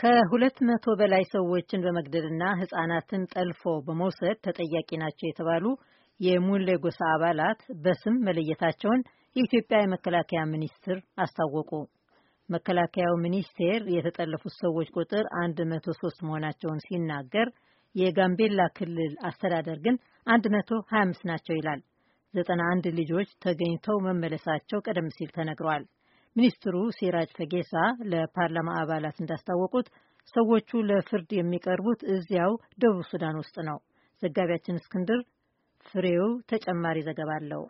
ከሁለት መቶ በላይ ሰዎችን በመግደልና ህጻናትን ጠልፎ በመውሰድ ተጠያቂ ናቸው የተባሉ የሙሌ ጎሳ አባላት በስም መለየታቸውን የኢትዮጵያ የመከላከያ ሚኒስትር አስታወቁ። መከላከያው ሚኒስቴር የተጠለፉት ሰዎች ቁጥር 103 መሆናቸውን ሲናገር የጋምቤላ ክልል አስተዳደር ግን 125 ናቸው ይላል። 91 ልጆች ተገኝተው መመለሳቸው ቀደም ሲል ተነግሯል። ሚኒስትሩ ሲራጅ ፈጌሳ ለፓርላማ አባላት እንዳስታወቁት ሰዎቹ ለፍርድ የሚቀርቡት እዚያው ደቡብ ሱዳን ውስጥ ነው። ዘጋቢያችን እስክንድር ፍሬው ተጨማሪ ዘገባ አለው።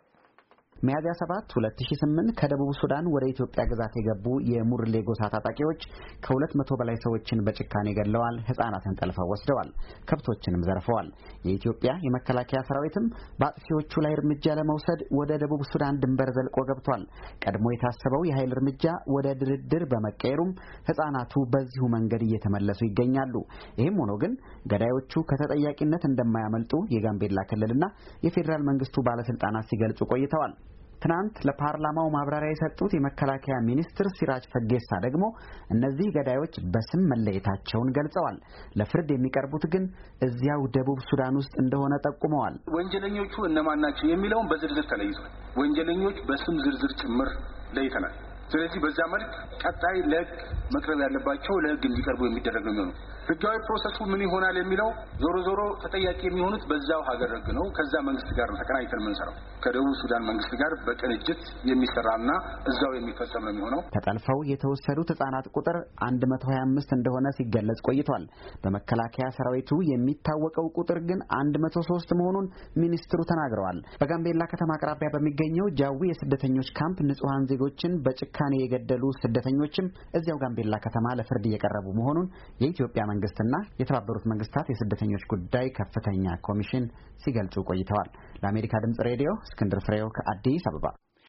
ሚያዝያ 7 2008 ከደቡብ ሱዳን ወደ ኢትዮጵያ ግዛት የገቡ የሙርሌ ጎሳ ታጣቂዎች ከ200 በላይ ሰዎችን በጭካኔ ገድለዋል። ህጻናትን ጠልፈው ወስደዋል። ከብቶችንም ዘርፈዋል። የኢትዮጵያ የመከላከያ ሰራዊትም በአጥፊዎቹ ላይ እርምጃ ለመውሰድ ወደ ደቡብ ሱዳን ድንበር ዘልቆ ገብቷል። ቀድሞ የታሰበው የኃይል እርምጃ ወደ ድርድር በመቀየሩም ህጻናቱ በዚሁ መንገድ እየተመለሱ ይገኛሉ። ይህም ሆኖ ግን ገዳዮቹ ከተጠያቂነት እንደማያመልጡ የጋምቤላ ክልልና የፌዴራል መንግስቱ ባለስልጣናት ሲገልጹ ቆይተዋል። ትናንት ለፓርላማው ማብራሪያ የሰጡት የመከላከያ ሚኒስትር ሲራጅ ፈጌሳ ደግሞ እነዚህ ገዳዮች በስም መለየታቸውን ገልጸዋል። ለፍርድ የሚቀርቡት ግን እዚያው ደቡብ ሱዳን ውስጥ እንደሆነ ጠቁመዋል። ወንጀለኞቹ እነማን ናቸው የሚለውን በዝርዝር ተለይቷል። ወንጀለኞች በስም ዝርዝር ጭምር ለይተናል። ስለዚህ በዛ መልክ ቀጣይ ለህግ መቅረብ ያለባቸው ለህግ እንዲቀርቡ የሚደረግ ነው የሚሆነው። ህጋዊ ፕሮሰሱ ምን ይሆናል የሚለው ዞሮ ዞሮ ተጠያቂ የሚሆኑት በዛው ሀገር ህግ ነው። ከዛ መንግስት ጋር ነው ተቀናጅተን የምንሰራው። ከደቡብ ሱዳን መንግስት ጋር በቅንጅት የሚሰራና እዛው የሚፈጸም ነው የሚሆነው። ተጠልፈው የተወሰዱት ህጻናት ቁጥር 125 እንደሆነ ሲገለጽ ቆይቷል። በመከላከያ ሰራዊቱ የሚታወቀው ቁጥር ግን 103 መሆኑን ሚኒስትሩ ተናግረዋል። በጋምቤላ ከተማ አቅራቢያ በሚገኘው ጃዊ የስደተኞች ካምፕ ንጹሐን ዜጎችን በጭካኔ የገደሉ ስደተኞችም እዚያው ጋምቤላ ጋምቤላ ከተማ ለፍርድ እየቀረቡ መሆኑን የኢትዮጵያ መንግስትና የተባበሩት መንግስታት የስደተኞች ጉዳይ ከፍተኛ ኮሚሽን ሲገልጹ ቆይተዋል። ለአሜሪካ ድምጽ ሬዲዮ እስክንድር ፍሬው ከአዲስ አበባ